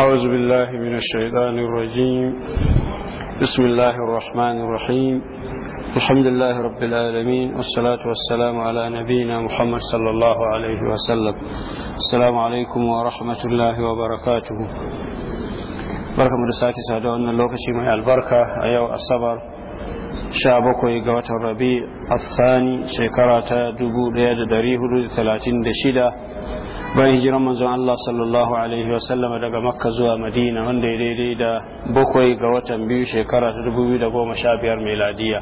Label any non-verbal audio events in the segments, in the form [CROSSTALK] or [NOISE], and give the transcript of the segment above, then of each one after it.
أعوذ بالله من الشيطان الرجيم بسم الله الرحمن الرحيم الحمد لله رب العالمين والصلاة والسلام على نبينا محمد صلى الله عليه وسلم السلام عليكم ورحمة الله وبركاته بركة مرساتي سادة أن اللوكة مع البركة أيو الصبر شابكو يقوة الربيع الثاني شكرة دبو ليد دريه ثلاثين دشدة bayan hijiran manzon Allah sallallahu alaihi wasallama daga makka zuwa madina wanda ya daidai da bakwai ga watan biyu shekara ta dubu biyu da goma sha biyar meladiya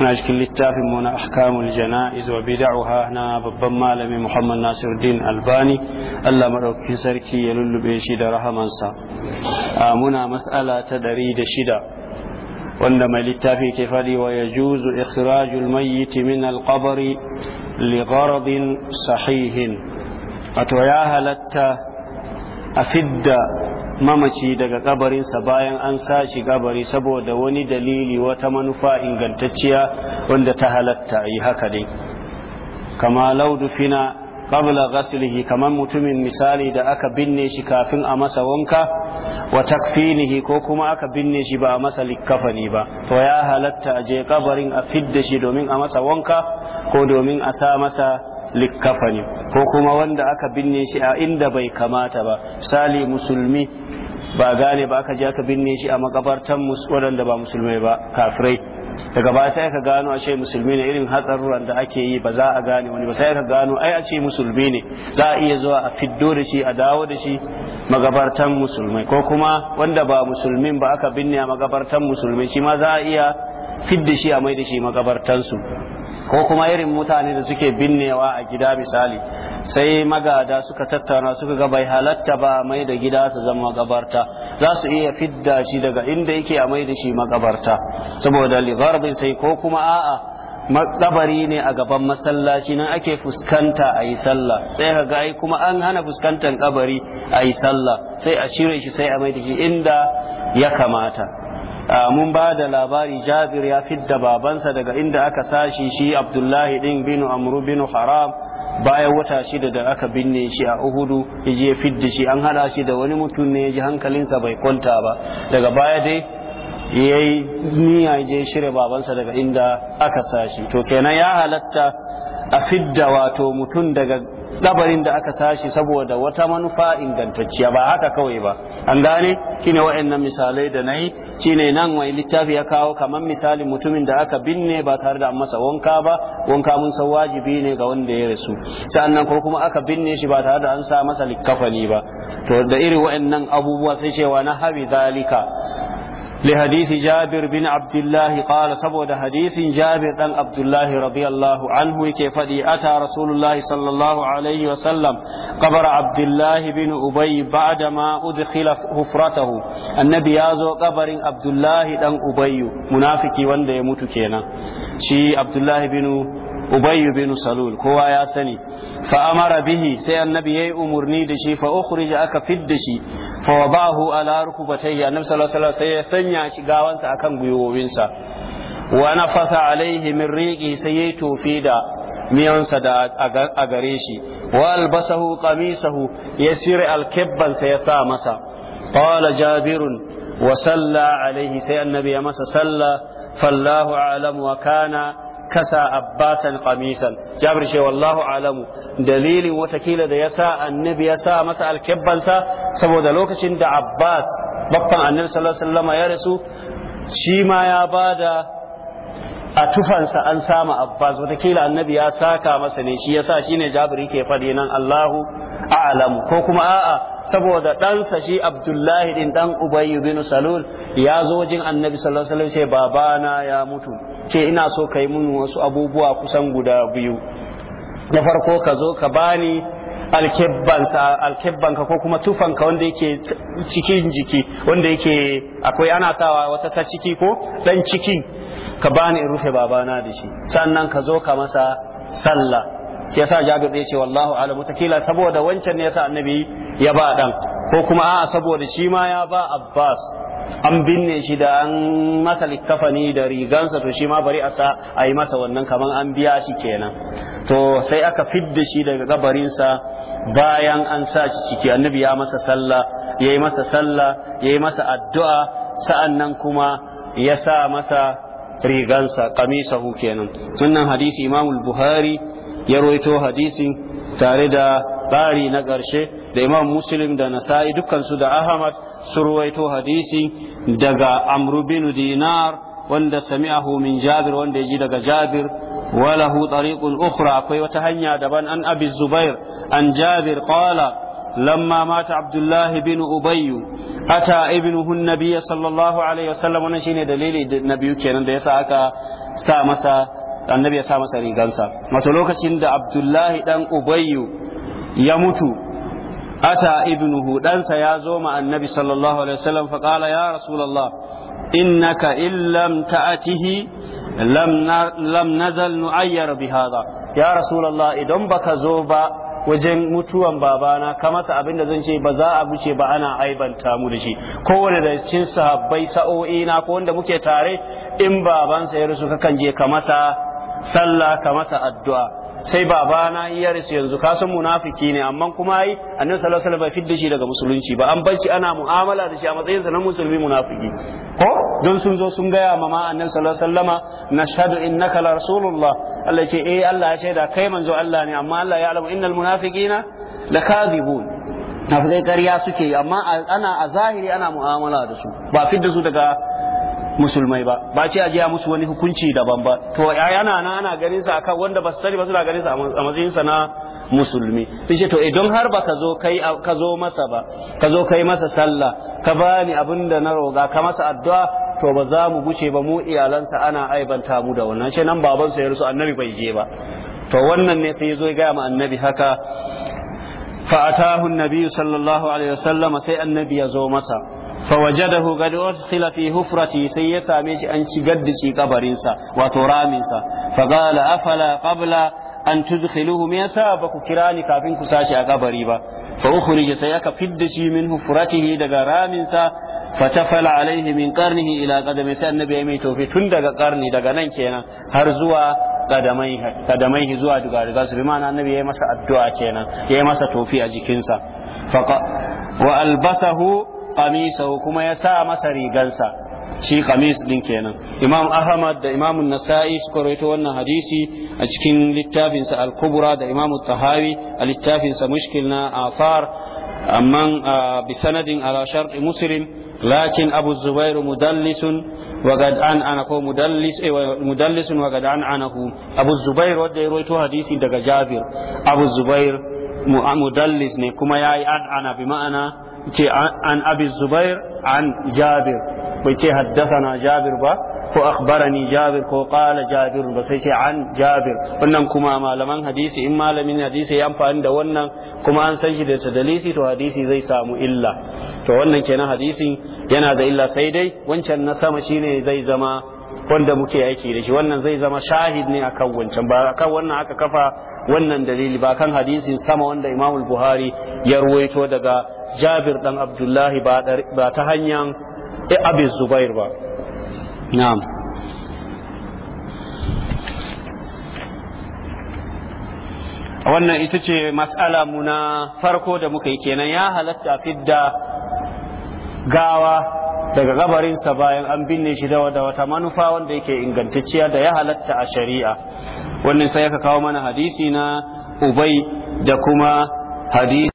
muna cikin littafin mu na ahkamul jana'iz wa bid'aha na babban malami Muhammad Nasiruddin Albani Allah madaukakin sarki ya lullube shi da rahamansa muna mas'ala ta ɗari da shida wanda mai littafi ke faɗi wa yajuzu ikhrajul mayyit min al-qabri li sahihin wato ya halatta a fidda mamaci daga kabarinsa bayan an sashi kabari saboda wani dalili wata manufa ingantacciya wanda ta halatta yi haka dai kama laudu fina kabla gasilihi kamar mutumin misali da aka binne shi kafin a masa wanka wa takfinihi ko kuma aka binne shi ba a masa likkafani ba to ya halatta a je kabarin a fidda shi domin a masa wanka ko domin a sa masa likkafani ko kuma wanda aka binne shi a inda bai kamata ba misali musulmi ba gane ba aka je aka binne shi a makabartan waɗanda ba musulmai ba kafirai daga ba sai ka gano a ce musulmi ne irin hatsaruran da ake yi ba za a gane wani ba sai ka gano ai a ce musulmi ne za a iya zuwa a fiddo da shi a dawo da shi magabartan musulmai ko kuma wanda ba musulmin ba aka binne a magabartan musulmai shi ma za a iya fidda shi a mai da shi magabartansu ko kuma irin mutane da suke binnewa a gida misali sai magada suka tattauna suka ga bai halatta ba mai da gida ta zama magabarta za su iya fidda shi daga inda yake a mai da shi magabarta saboda ligarbin sai ko kuma a'a makabari ne a gaban masallaci nan ake fuskanta a yi sallah sai ka ga kuma an hana fuskantar kabari a yi sallah sai a shirin shi sai a mai shi inda ya kamata Ah, mun ba da labari jabir ya fidda babansa daga inda aka sashi shi abdullahi din binu amru bin haram bayan wata shida da aka binne shi a uhudu ya je fidda shi an hada shi da wani mutum ne ya ji hankalinsa bai kwanta ba daga baya dai ya yi niyya je shirya babansa daga inda aka sashi to kenan ya halatta a fidda wato mutum daga kabarin da aka sashi saboda wata manufa ingantacciya ba haka kawai ba an gane shine wa'annan misalai da nayi shine nan wai littafi ya kawo kaman misalin mutumin da aka binne ba tare da an masa wanka ba wanka mun san wajibi ne ga wanda ya rasu sannan ko kuma aka binne shi ba tare da an sa masa likkafani ba to da irin wa'annan abubuwa sai cewa na habi zalika لحديث جابر بن عبد الله قال سبود حديث جابر بن عبد الله رضي الله عنه كيف أتى رسول الله صلى الله عليه وسلم قبر عبد الله بن أبي بعدما أدخل حفرته النبي يازو قبر عبد الله بن أبي منافقي وند يموت كينا شي عبد الله بن ubayyu bin salul kowa ya sani fa amara bihi sai annabi yayi umurni da shi fa ukhrija aka fidda shi fa wadahu ala rukbatayhi annabi sallallahu alaihi wasallam sai ya sanya shi gawansa akan gwiwowinsa wa nafasa alaihi min riqi sai yayi tofi da miyansa da a gare shi wa albasahu qamisahu ya sire alkibban sai ya sa masa qala jabirun وصلى عليه سي masa salla fallahu alamu أعلم kana. kasa abbasan qamisan jabir ce wallahu alamu dalilin watakila da yasa annabi ya sa masa alkebbansa saboda lokacin da abbas babban annabi sallallahu alaihi wasallam ya rasu shi ma ya bada a tufansa an sama abbas watakila annabi ya saka masa ne shi yasa shine jabiri ke faɗi nan allahu a'lamu ko kuma a'a saboda ɗansa shi abdullahi din dan ubayyu bin salul ya zo jin annabi sallallahu alaihi wasallam ce babana ya mutu ce ina so kai mun wasu abubuwa kusan guda biyu na farko ka zo ka bani alkebbanka ko kuma tufanka wanda yake cikin jiki wanda yake akwai ana sawa wata ta ciki ko dan cikin ka bani in rufe babana da shi sannan ka zo ka masa salla shi yasa Jabir ya ce wallahu alam mutakila saboda wancan ne yasa annabi ya ba dan ko kuma a'a saboda shi ma ya ba Abbas an binne shi da an masa likafani da rigansa to shi ma bari a sa a yi masa wannan kaman an biya shi kenan to sai aka fidda shi daga gabarinsa bayan an sa shi ciki annabi ya masa salla ya yi masa salla ya yi masa addu'a sa'an kuma ya sa masa rigansa kamisahu kenan wannan hadisi imam buhari ya roito hadisin tare da bari na ƙarshe da imam muslim da nasa'i dukkansu da ahmad sun ruwaito hadisi daga amru bin dinar wanda sami'ahu min jabir wanda ya ji daga jabir walahu tariqun ukhra akwai wata hanya daban an abi zubair an jabir qala لما مات عبد الله بن أبي أتى ابنه النبي صلى الله عليه وسلم ونشين دليل النبي كان ديسا أكا سامسا النبي سامسا ريغانسا متلوك سند عبد الله دان أبي يموت أتى ابنه دانسا يازوم النبي صلى الله عليه وسلم فقال يا رسول الله إنك إن لم تأته لم نزل نعير بهذا يا رسول الله إذن بك زوبا wajen mutuwan babana ka masa abin da zan ce ba za a buce ba ana aibanta mu da shi kowane da cikin sahabbai sa'o'i na ko wanda muke tare in babansa ya rusu kakan je ka masa sallah ka masa addu'a sai babana ya rasu yanzu kasan san munafiki ne amma kuma ai annabi sallallahu alaihi wasallam bai fidda shi daga musulunci ba an barci ana mu'amala da shi a matsayin sa na musulmi munafiki ko don sun zo sun gaya ma ma annabi sallallahu alaihi wasallam nashhadu innaka la rasulullah Allah ce eh Allah ya shaida kai manzo Allah ne amma Allah ya alamu innal munafiqina lakadibun munafikai ƙarya suke amma ana a zahiri ana mu'amala da su ba fidda su daga musulmai ba ba ce a jiya musu wani hukunci daban ba to yana na ana ganin sa akan wanda ba su sani ba suna ganin sa a matsayin sa na musulmi sai ce to idan har ba ka zo kai ka zo masa ba ka zo kai masa sallah ka bani abin da na roga ka masa addu'a to ba za mu guce ba mu iyalansa ana aibanta mu da wannan ce nan baban sa ya rusu annabi bai je ba to wannan ne sai ya zo ya ga ma annabi haka fa atahu annabi sallallahu alaihi wasallam sai annabi ya zo masa fawajadahu qad udkhila fi hufrati sai ya same shi an shigar da kabarinsa wato raminsa fa qala afala qabla an tudkhiluhu me yasa ba ku kira ni kafin ku sashi a kabari ba fa ukhrija sai aka fidda simin min daga raminsa fa tafala alaihi min qarnihi ila qadami sai annabi ya mai tofi tun daga qarni daga nan kenan har zuwa kadamai zuwa duga riga su bi ma'ana annabi ya masa addu'a kenan ya yi masa tofi a jikinsa fa wa albasahu qamisahu kuma ya sa masa rigarsa shi qamis din kenan imam ahmad da imam nasai suka rawaito wannan hadisi a cikin littafin sa al-kubra da imam tahawi a littafin sa mushkil na afar amma bi sanadin ala shart muslim lakin abu zubair mudallis wa qad an ana ko mudallis mudallis eh, wa an anahu abu zubair wanda ya rawaito hadisi daga jabir abu zubair mudallis ne kuma yayi an ana bi ma'ana ce an abi zubair an jabir bai ce na jabir ba ko akhbarani jabir ko kala jabir ba sai ce an jabir wannan kuma malaman hadisi in malamin hadisi ya amfani da wannan kuma an san shi da tadalisi to hadisi zai samu illa to wannan kenan hadisin yana da illa sai dai wancan na sama shine zai zama wanda muke aiki da shi wannan zai zama shahid ne akan wancan ba akan wannan aka kafa wannan dalili ba kan hadisin sama wanda Imam Buhari ya ruwaito daga Jabir dan Abdullahi ba ta hanyar Abi Zubair ba na'am wannan ita ce mas'ala mu na farko da muka yi kenan ya halatta fidda gawa daga gabarinsa bayan an binne shi da wata manufa wanda yake ingantacciya da ya halatta a shari'a wannan sai aka kawo mana hadisi na ubai da kuma hadisi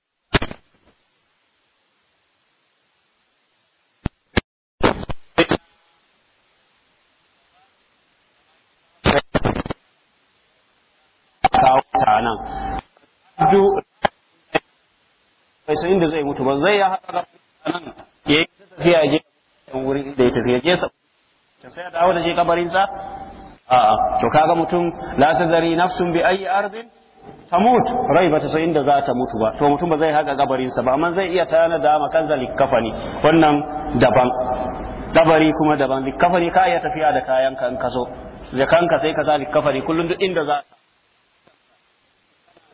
inda zai mutu ba zai ya haɗa nan ya yi tafiya ya je sa sai ya dawo da shi kabarinsa a'a to kaga mutum la tazari nafsun bi ayi ardin tamut rai bata san inda za ta mutu ba to mutum ba zai haka kabarinsa ba amma zai iya tana da zalik kafani wannan daban kabari kuma daban kafani ka iya tafiya da kayan ka in ka so da kanka sai ka sa kafani kullum duk inda za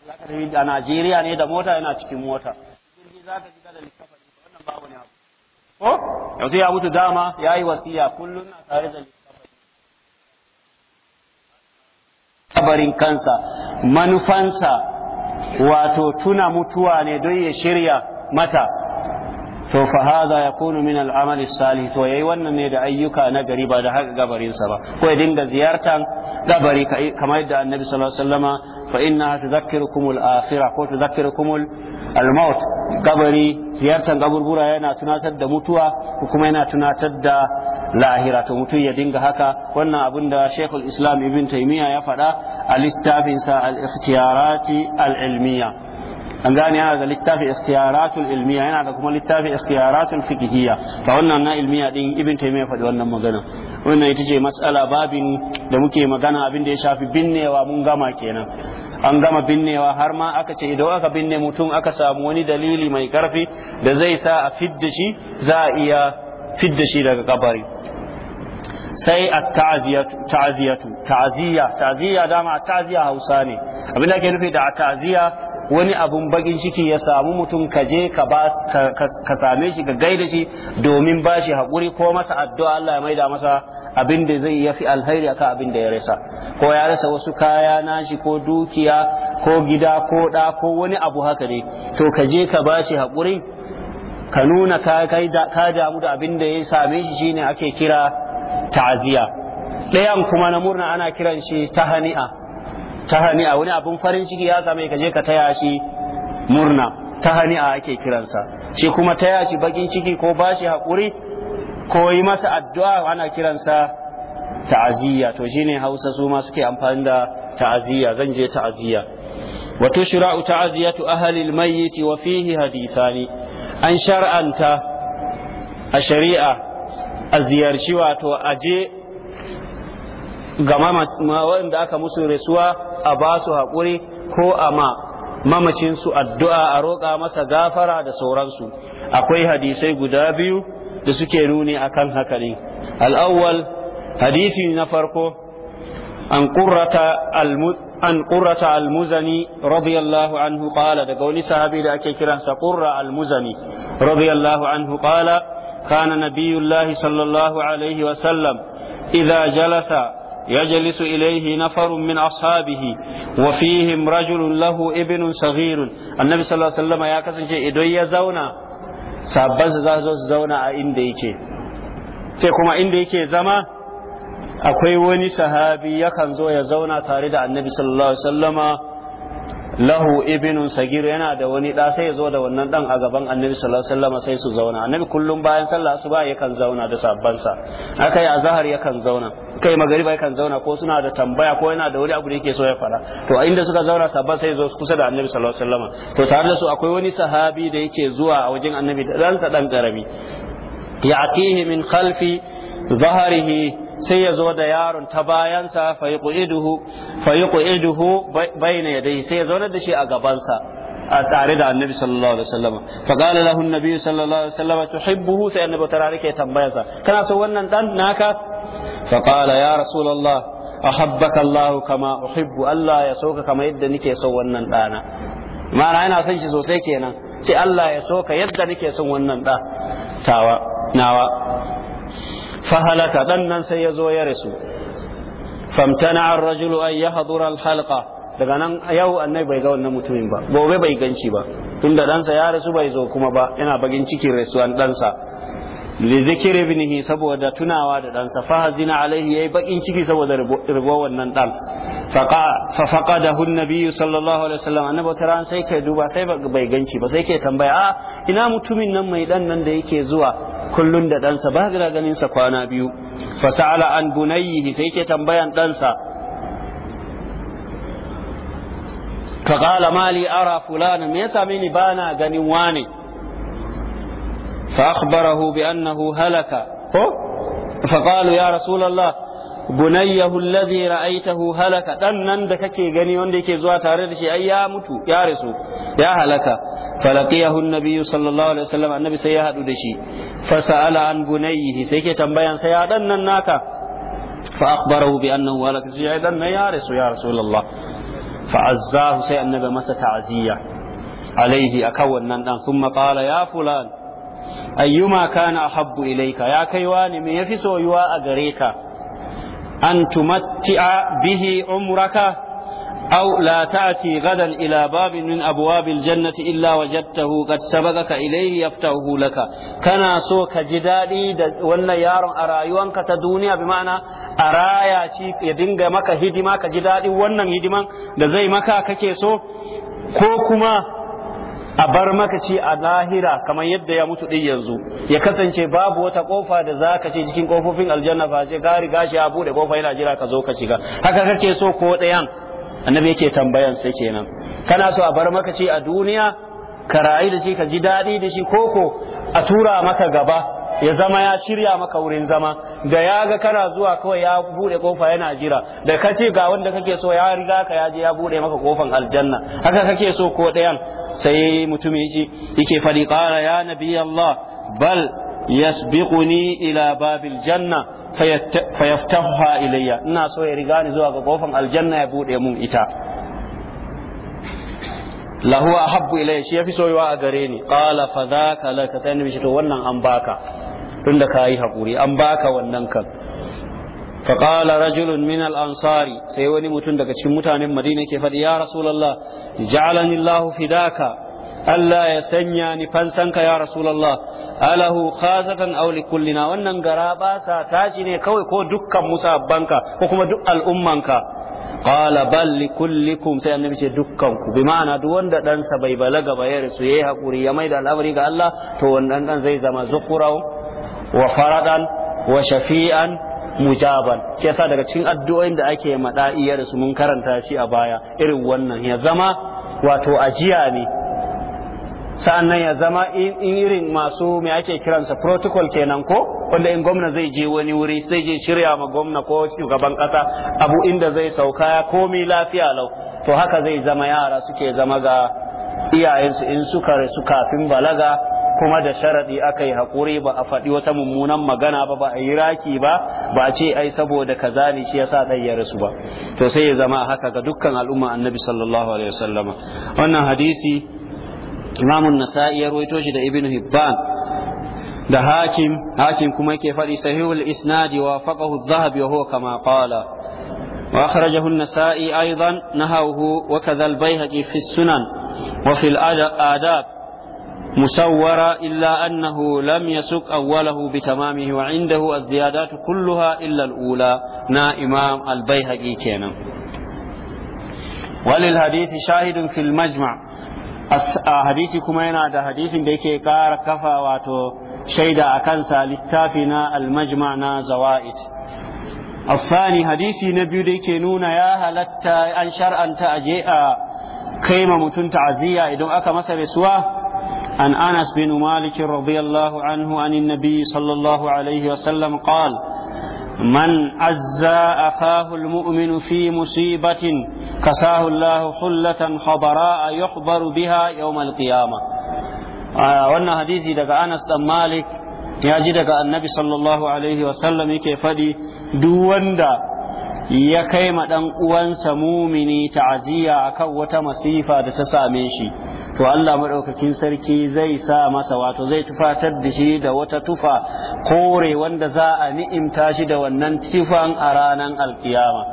ka a Najeriya ne da mota yana cikin mota za ka shiga da likafani wannan babu ne ko yanzu ya mutu dama ya yi wasiya kullum na tare da kabarin kansa manufansa wato tuna mutuwa ne don ya shirya mata to fa hadha yakunu min al salih to yayi wannan ne da ayyuka na gari ba da haka gabarinsa ba ko ya dinga ziyartan kabari kamar yadda annabi sallallahu alaihi wasallama fa inna tadhakkirukum al-akhirah ko tadhakkirukum al-maut kabari ziyartar kaburbura yana tunatar da mutuwa ko kuma yana tunatar da lahira to mutum ya dinga haka wannan abin da Sheikhul Islam Ibn Taymiyyah ya faɗa a littafinsa al-ikhtiyarati al-ilmiyya an gane yana da littafi ikhtiyaratul ilmiya yana da kuma littafi ikhtiyaratul fiqhiyya to wannan na ilmiya din ibn taymiya faɗi wannan magana wannan ita ce mas'ala babin da muke magana abin da ya shafi binnewa mun gama kenan an gama binnewa har ma aka ce idan aka binne mutum aka samu wani dalili mai karfi da zai sa a fidda shi za a iya fidda shi daga kabari sai a ta'aziyatu ta'aziyya ta'aziyya dama ta'aziya hausa ne abin da ke nufi da ta'aziya wani abun bakin ciki ya samu mutum ka je ka same shi ka gaida shi domin ba shi haƙuri ko masa addu'a Allah ya maida masa abin da zai fi alheri akan abin da ya rasa ko ya rasa wasu kaya na shi ko dukiya ko gida ko ɗa ko wani abu haka ne to ka je ka ba shi haƙuri ka nuna ka damu da abin da ya same shi shine ake kira ta'aziya ɗayan kuma na murna ana kiran shi tahani'a tahani'a wani abun farin ciki ya same ka je ka taya shi murna tahani'a ake kiransa shi kuma taya shi bakin ciki ko bashi hakuri ko yi masa addu'a ana kiransa ta'aziyya to shine Hausa su ma suke amfani da ta'aziyya zan je ta'aziyya wa tushra'u ta'aziyatu ahli al-mayyit wa fihi hadithani an shar'anta a shari'a a ziyarci wato aje gama waɗanda aka musu rasuwa a ba su haƙuri ko a ma mamacinsu addu'a a roƙa masa gafara da sauransu akwai hadisai guda biyu da suke nuni akan haka ne al'awwal hadisi na farko an qurrata al-muzani radiyallahu anhu qala daga wani sahabi da ake kiransa qurra al-muzani radiyallahu anhu qala kana nabiyullahi sallallahu alaihi wa sallam idza jalasa يجلس إليه نفر من أصحابه وفيهم رجل له ابن صغير النبي صلى الله عليه وسلم يا كسن شيء إدو يزونا سابز زازو زونا أين ديكي سيكما أين ديكي زما أكوي وني صحابي يكن زو يزونا تارد النبي صلى الله عليه وسلم lahu ibnun sagir yana da wani da sai ya zo da wannan dan a gaban annabi sallallahu alaihi wasallam sai su zauna annabi kullum bayan sallah su ba ya kan zauna da sabbansa akai azhar kan zauna kai magariba kan zauna ko suna da tambaya ko yana da wani abu da yake so ya fara to a inda suka zauna sabban sai zo kusa da annabi sallallahu alaihi wasallam to tare da su akwai wani sahabi da yake zuwa a wajen annabi dan sa dan karami ya'tihi min khalfi ظهره sai ya zo da yaron ta bayansa fa yuqiduhu bayna yadayhi sai ya zauna da shi a gabansa a tare da annabi sallallahu alaihi wasallam fa qala lahu annabi sallallahu alaihi wasallam tuhibbuhu sai annabi tare yake tambayarsa kana so wannan dan naka fa qala ya rasulullah ahabbaka allah kama uhibbu allah ya soka kama yadda nike so wannan dana ma'ana yana son shi sosai kenan sai Allah ya so yadda nike son wannan da tawa nawa fahalaka dan nan sai ya zo ya rasu famtana ar-rajulu an yahdura al daga nan yau annai bai ga wannan mutumin ba gobe bai ganci ba tunda ɗansa ya rasu bai zo kuma ba yana bagin cikin rasuwan ɗansa li zikri ibnihi saboda tunawa da ɗansa safa hazina alaihi yayi bakin ciki saboda ribo wannan dan fa faqadahu an-nabi sallallahu alaihi wasallam annabi taran sai kai duba sai bai ganci ba sai kai tambaya a ah, ina mutumin nan mai dan nan da yake zuwa kullun da ɗansa ba ga ganin sa kwana biyu fa sa'ala an bunayhi sai ke tambayan ɗansa فقال ما لي أرى me yasa يساميني bana ganin wane. فأخبره بأنه هلك فقالوا يا رسول الله bunayyahu alladhi ra'aytahu halaka dan nan da kake gani wanda yake zuwa tare da shi ai ya mutu ya rasu ya halaka falaqiyahu an-nabiy sallallahu alaihi wasallam annabi sai ya hadu da shi fa an bunayhi sai yake tambayan ya dan nan naka fa akhbarahu annahu halaka sai ya nan ya ya sai annabi masa ta'ziya alaihi akan wannan dan thumma qala ya ayyuma kana ahabbu ilaika ya kaiwa ne me yafi soyuwa a gare ka an tumatti'a bihi umraka aw la ta'ti gadan ila babin min abwabil jannati illa wajadtahu qad sabaqaka ilayhi yaftahu laka kana so ka ji dadi da wannan yaron a rayuwanka ta duniya bi ma'ana a raya shi ya dinga maka hidima ka ji dadin wannan hidiman da zai maka kake so ko kuma a bar maka ci a lahira kamar yadda ya mutu ɗin yanzu ya kasance babu wata kofa da za ka ce cikin kofofin aljanna ba sai gari riga shi a bude kofa yana jira ka zo ka shiga haka kake so ko ɗayan annabi yake tambayan sai kenan kana so a bar maka ci a duniya ka rayu da shi ka ji daɗi da shi koko a tura maka gaba ya zama ya shirya maka wurin zama da ya ga kana zuwa kawai ya bude kofa yana jira da ka ce ga wanda kake so ya riga ka ya je ya bude maka kofan aljanna haka kake so ko ɗayan sai mutum yake yake fadi qala ya nabi Allah bal yasbiquni ila babil janna fayaftahuha ilayya ina so ya riga ni zuwa ga kofan aljanna ya bude mun ita lahu ahabbu ilayya shi yafi soyuwa a gare ni qala fa dhaka laka sai shi to wannan an baka tunda kayi hakuri an baka wannan kan fa qala rajulun min al ansari sai wani mutum daga cikin mutanen madina ke faɗi ya rasulullah ja'alani allah fidaka Allah ya sanya ni fansanka ya rasulallah. alahu khasatan aw likullina wannan gara ba sa tashi ne kawai ko dukkan musabbanka ko kuma duk al'ummanka qala bal likullikum sai annabi ce dukkan ku bi ma'ana duk wanda dan sa bai balaga ba ya rasu yayi hakuri ya maida al'amari ga Allah to wannan dan zai zama zukurau wa faradan wa shafi'an mujaban shi yasa daga cikin addu'o'in da ake ma da'iyar su mun karanta shi a baya irin wannan ya zama wato ajiya ne sa'an nan ya zama in irin masu mai ake kiransa protocol kenan ko wanda in gwamna zai je wani wuri sai je shirya ma gwamna ko shugaban kasa abu inda zai sauka ya komi lafiya lau to haka zai zama yara suke zama ga iyayensu in suka rasu kafin balaga kuma da sharaɗi aka yi haƙuri ba a faɗi wata mummunan magana ba ba a yi raki ba ba ce ai saboda kazani ne shi yasa ɗan ya rasu ba to sai ya zama haka ga dukkan al'umma annabi sallallahu alaihi wasallama wannan hadisi imamun nasa'i ya ruwaito shi da ibn hibban da hakim hakim kuma yake faɗi sahihul isnadi wa faqahu adh-dhahabi wa huwa kama qala wa akhrajahu an-nasa'i aidan nahahu wa kadha al-baihaqi fi sunan wa fi al-adab مسورا إلا أنه لم يسك أوله بتمامه وعنده الزيادات كلها إلا الأولى نا إمام البيهقي كينا وللحديث شاهد في المجمع a hadisi kuma yana da hadisin da yake kara kafa wato shaida a kansa littafi na almajma na zawa'id الثاني hadisi na biyu da yake nuna ya halatta an shar'anta aje a kaima mutum ta'aziyya idan aka masa rasuwa an anas bin مالك رضي anhu an عن النبي صلى الله عليه وسلم من أزى أخاه المؤمن في مصيبة كساه الله حلة خبراء يخبر بها يوم القيامة آه وانا حديثي دقى أنس مالك يجي دقى النبي صلى الله عليه وسلم يكي فدي دوان ya kai ma ɗan uwansa mumini ta'aziyya akan wata masifa da ta same shi to Allah madaukakin sarki zai sa masa wato zai tufatar da shi da wata tufa kore wanda za a ni'imta shi da wannan tufan a ranar alkiyama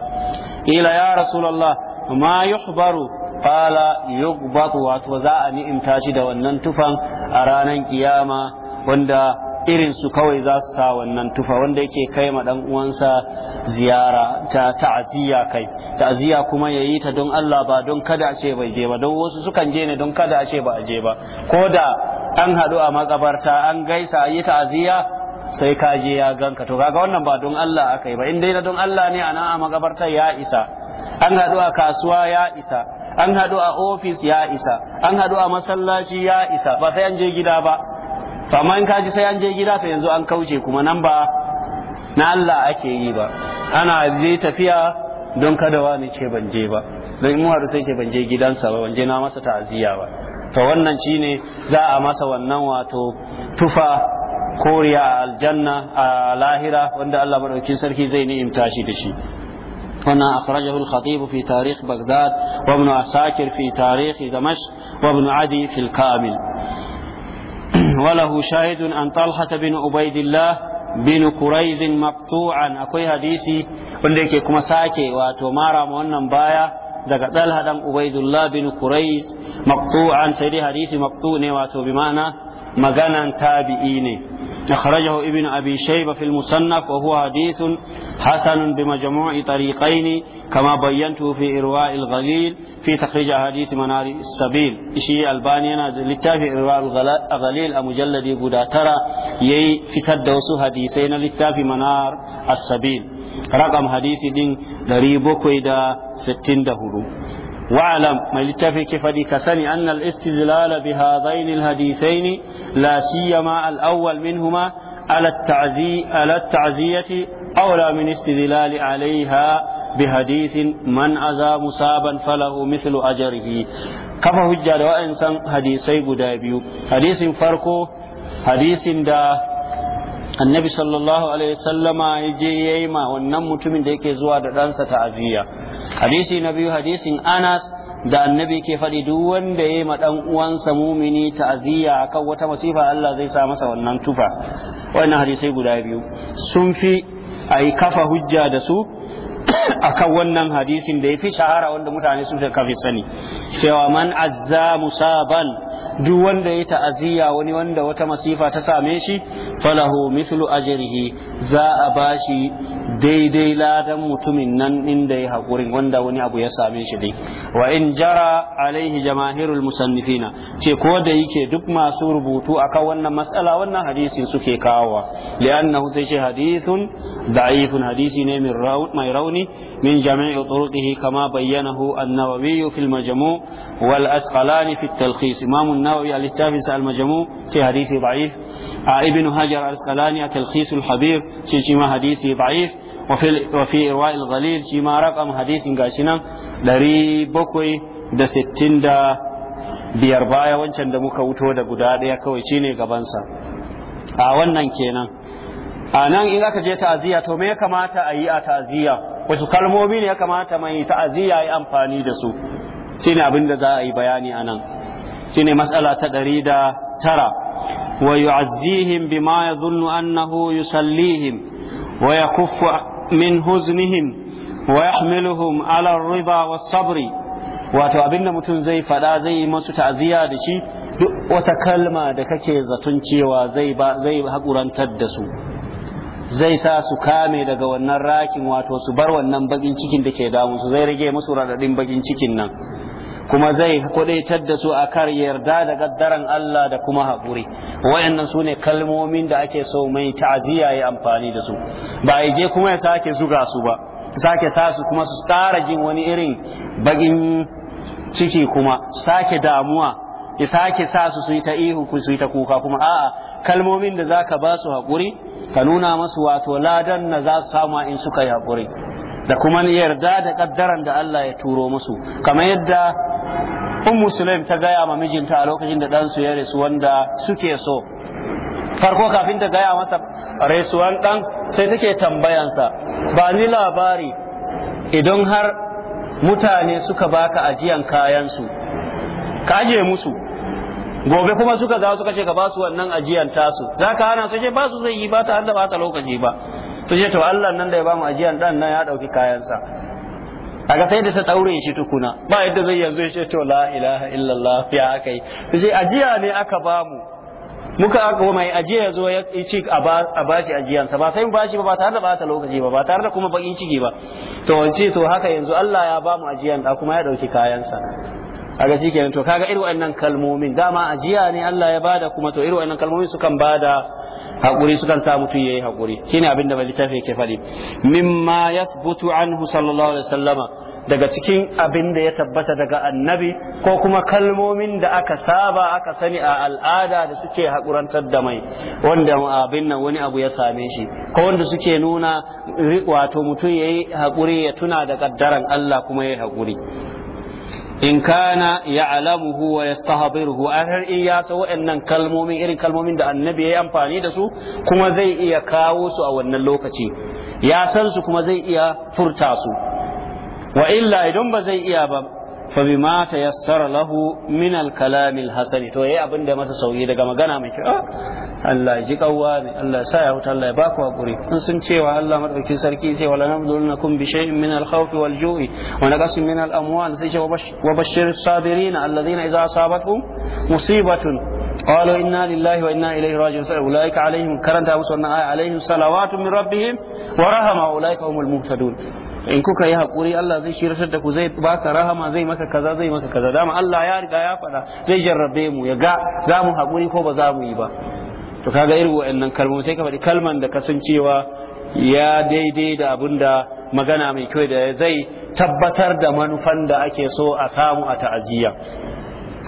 ila ya rasulullah ma yuhbaru qala yughbatu wato za a ni'imta shi da wannan tufan a ranar kiyama wanda irin su kawai za su sa wannan tufa wanda yake kai ma dan uwansa ziyara ta ta'aziyya kai ta'aziyya kuma yayi ta don Allah ba don kada a ce bai je ba don wasu sukan je ne don kada a ce ba a je ba ko da an haɗu a makabarta an gaisa yi ta'aziyya sai ka je ya ganka to kaga wannan ba don Allah akai ba in dai na don Allah ne ana a makabarta ya isa an haɗu a kasuwa ya isa an haɗu a ofis ya isa an haɗu a masallaci ya isa ba sai an je gida ba to amma in kaji sai an je gida to yanzu an kauce kuma nan ba na Allah ake yi ba ana je tafiya don kada wani ce ban je ba don mu sai ce ban je gidansa ba ban je na masa ta'aziyya ba to wannan shine za a masa wannan wato tufa koriya a aljanna a lahira wanda Allah madaukakin sarki zai ni'imta shi da shi هنا أخرجه الخطيب في تاريخ بغداد وابن عساكر في تاريخ دمشق وابن عدي في الكامل وله شاهد عن طلحة بن عبيد الله بن قريز مقطوعا أكوي حديثي وندك كما ساكي واتومارا مونن بايا daga Talha dan Ubaidullah bin Quraiz maqtu'an sai dai hadisi maqtu ne wato bi ma'ana maganan tabi'i ne أخرجه ابن أبي شيبة في المصنف وهو حديث حسن بمجموع طريقين كما بينته في إرواء الغليل في تخريج حديث منار السبيل شيء البانينا للتافي إرواء الغليل المجلد قد ترى يي في تدوس حديثين للتافي منار السبيل رقم حديث دين دريبو كويدا ستين دهولو واعلم ما لتفك فديكسني أن الاستدلال بهذين الحديثين لا سيما الأول منهما على التعزي على التعزية أولى من استدلال عليها بحديث من أذى مصابا فله مثل أجره كفى حجة وإنسان حديثي بدايبيو حديث فرقو حديث دا annabi sallallahu alaihi sallama ya je ya yi ma wannan mutumin da yake zuwa da ɗansa ta'aziyya hadisi na biyu hadisin anas da annabi ke faɗi duk wanda ya ma dan uwansa mumini ta'aziyya akan wata masifa Allah zai sa masa wannan tufa wannan hadisai guda biyu sun fi a yi kafa hujja da su [COUGHS] akan wannan hadisin da ya fi shahara wanda mutane suka kafi sani cewa man azza musaban duk wanda ya ta'aziyya wani wanda wata masifa ta same shi falahu mithlu ajrihi za a bashi daidai ladan mutumin nan inda ya hakurin wanda wani abu ya same shi dai wa in jara alaihi jamahirul musannifina ce ko da yake duk masu rubutu akan wannan matsala wannan hadisin suke kawo li'annahu sai shi hadithun da'ifun hadisi ne mai rauni الحديث من جميع طرقه كما بينه النووي في المجموع والأسقلان في التلخيص إمام النووي الاستافنس المجموع في حديث ضعيف ابن هجر الأسقلاني تلخيص الحبيب في جمع حديث ضعيف وفي, وفي إرواء الغليل جمع رقم حديث قاشنا لري بكوي دا ستين دا biyar baya wancan da muka wuto da guda ɗaya kawai shine gabansa a wannan kenan a nan in aka je ta'aziyya to me ya kamata a yi a ta'aziyya wasu kalmomi ne ya kamata mai ta'aziyya ya yi amfani da su shine abin da za a yi bayani a nan shine matsala ta ɗari da tara wa yu'azzihim bima zunnu annahu yusallihim wa yakuffu min huznihim wa yahmiluhum ala riba wa sabri wato abinda mutum zai faɗa zai yi masu ta'aziyya da shi duk wata kalma da kake zaton cewa zai haƙurantar da su zai sa su kame daga wannan rakin wato su bar wannan bakin cikin da ke damu su zai rage musu radadin bakin cikin nan kuma zai kudaitar da su a kar yarda da gaddaran Allah da kuma haƙuri wayannan su ne kalmomin da ake so mai ta'aziyya ya amfani da su ba a je kuma ya sake zuga su ba sake sa su kuma su tsara jin wani irin bakin ciki kuma sake damuwa ya sake sa su su yi ta ihu su yi ta kuka kuma a'a kalmomin da zaka ba su haƙuri ka nuna masu wato ladan na za su samu in suka yi haƙuri da kuma yarda da ƙaddaran da Allah ya turo musu kamar yadda ummu musulun ta gaya ma mijinta a lokacin da ɗansu ya resu wanda suke so farko kafin ta gaya masa resuwan ɗan sai take tambayansa ba ni labari idan har mutane suka baka ajiyan kayansu ka aje musu gobe kuma suka dawo suka ce ka ba su wannan ajiyan tasu za ka hana su ce ba su zai yi ba ta har da ba ta lokaci ba su ce to Allah nan da ya ba mu ajiyan dan nan ya dauki kayansa kaga sai da ta daure shi tukuna ba yadda zai yanzu ya ce to la ilaha illallah ya akai su ce ajiya ne aka ba mu muka aka mai ajiya ya zo ya ci a bashi ajiyansa ba sai mu bashi ba ba tare da bata lokaci ba ba tare da kuma bakin ciki ba to ce to haka yanzu Allah ya ba mu ajiyan da kuma ya dauki kayansa kaga kenan to kaga irin wannan kalmomin dama ajiya ne Allah ya bada kuma to irin wannan kalmomin sukan bada hakuri sukan sa mutum yayi hakuri shine abin da littafi yake faɗi mimma yathbutu anhu sallallahu alaihi wasallama daga cikin abin da ya tabbata daga annabi ko kuma kalmomin da aka saba aka sani a al'ada da suke hakurantar da mai wanda abin nan wani abu ya same shi ko wanda suke nuna wato mutum yayi hakuri ya tuna da kaddaran Allah kuma yayi hakuri in kana ya alamuhu wa yastahdiruhu an har in ya sa waɗannan kalmomin irin kalmomin da annabi ya yi amfani da su kuma zai iya kawo su a wannan lokaci ya san su kuma zai iya furta su wa illa idan ba zai iya ba fa ta tayassara lahu min al-kalam al to yayi abin da masa sauki daga magana mai kyau Allah ji kawwa ne Allah sa ya huta Allah ya ba ku hakuri in sun cewa Allah madaukin sarki ce wala namdulnakum bi shay'in min al-khawfi wal ju'i wa naqasin min al-amwal sai ce wa bashir as-sabirin alladhina idza asabatuhum musibatun inna inna wa قالوا إنا لله وإنا إليه راجعون أولئك عليهم كرنت أبو سنة min صلوات من ربهم ورحمة أولئك هم المهتدون in kuka yi haƙuri Allah zai shirkar da ku zai baka rahama zai maka kaza zai maka kaza dama Allah ya riga ya faɗa zai jarrabe mu ya ga za mu haƙuri ko ba za mu yi ba to kaga irin wa'annan kalmomi sai ka faɗi kalman da kasancewa ya daidai da abin da magana mai kyau da zai tabbatar da manufan da ake so a samu a ta'aziyya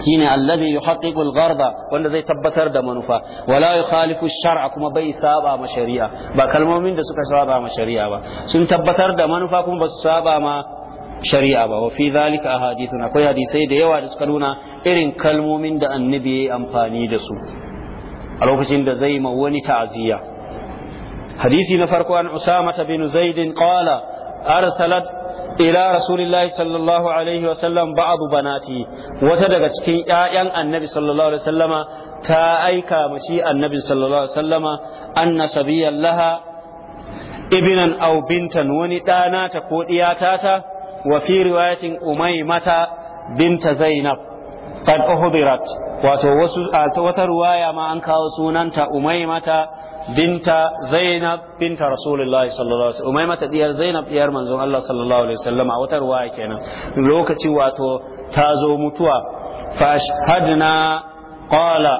shine alladhi yuhaqqiqu al-gharda wanda zai tabbatar da manufa wala yukhalifu shara kuma bai saba ma shari'a ba kalmomin da suka saba ma shari'a ba sun tabbatar da manufa kuma ba su saba ma shari'a ba wa fi zalika akwai hadisai da yawa da suka nuna irin kalmomin da annabi ya yi amfani da su a lokacin da zai ma wani ta'aziyya hadisi na farko an usama bin zaidin qala arsalat ila rasulillahi sallallahu alaihi wa sallam ba'du banati wata daga cikin ƴaƴan annabi sallallahu alaihi wasallama ta aika mashi annabi sallallahu alaihi wasallama anna sabiyan laha ibnan aw bintan wani dana ta ko ɗiyata ta wa fi riwayatin umaymata binta zainab qad uhdirat wato wasu a wata ruwaya ma an kawo sunanta umaymata binta zainab binta rasulullahi sallallahu alaihi wasallam umaymata diyar zainab diyar manzon Allah sallallahu alaihi wasallam a wata ruwaya kenan lokaci wato ta zo mutuwa fa ashhadna qala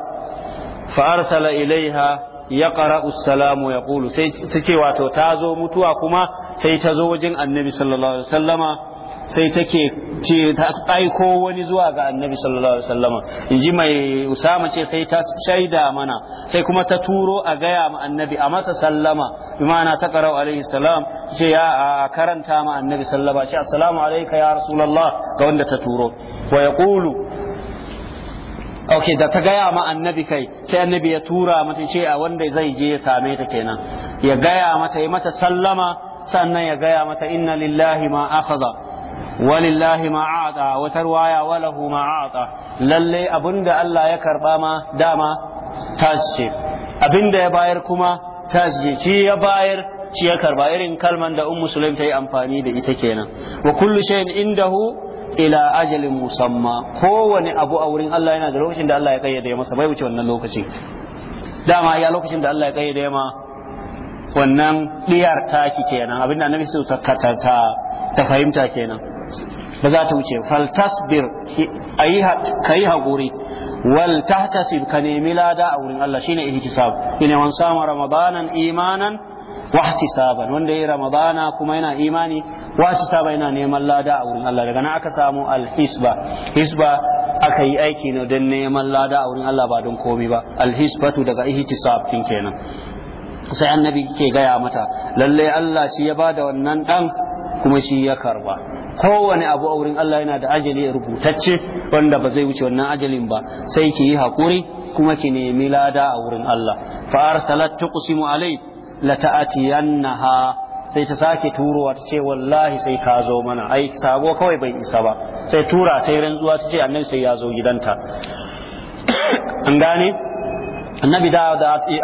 fa arsala ilaiha ya ƙara'u salamu ya ƙulu sai ce wato ta zo mutuwa kuma sai ta zo wajen annabi sallallahu alaihi wasallama sai take ce ta aiko wani zuwa ga annabi sallallahu alaihi wasallam in ji mai usama ce sai ta shaida mana sai kuma ta turo a gaya ma annabi a masa sallama imana ta karau alaihi salam ce ya a karanta ma annabi sallama ce assalamu alaika ya rasulullah ga wanda ta turo wa yaqulu ok da ta gaya ma annabi kai sai annabi ya tura mata ce a wanda zai je ya same ta kenan ya gaya mata ya mata sallama sannan ya gaya mata inna lillahi ma akhadha walillahi ma'ata wata ruwaya walahu ma'ata lalle abinda Allah ya karba ma dama tashi ce abinda ya bayar kuma tashi ce shi ya bayar shi ya karba irin kalman da ummu sulaim ta yi amfani da ita kenan wa kullu shay'in indahu ila ajalin musamma kowane abu a wurin Allah yana da lokacin da Allah ya kayyade masa bai wuce wannan lokaci dama ya lokacin da Allah ya kayyade ma wannan diyar taki kenan abinda annabi su ta ta fahimta kenan ba za ta wuce faltasbir yi haƙuri wal tahtasib ka nemi lada a wurin Allah shine ihtisab ina wan sama ramadanan imanan wa ihtisaban wanda yayi ramadana kuma yana imani wa yana neman lada a wurin Allah daga nan aka samu al hisba aka yi aiki ne don neman lada a wurin Allah ba don komi ba al daga ihtisab tun kenan sai annabi ke gaya mata lalle Allah shi ya bada wannan dan kuma shi ya karba kowane abu a wurin Allah yana da ajali rubutacce wanda ba zai wuce wannan ajalin ba sai ki yi hakuri kuma ki nemi lada a wurin Allah fa arsalat tuqsimu alai la ta'tiyannaha sai ta sake turowa ta ce wallahi sai ka zo mana ai sago kawai bai isa ba sai tura ta yi rantsuwa ta ce annabi sai ya zo gidanta [COUGHS] an gane annabi da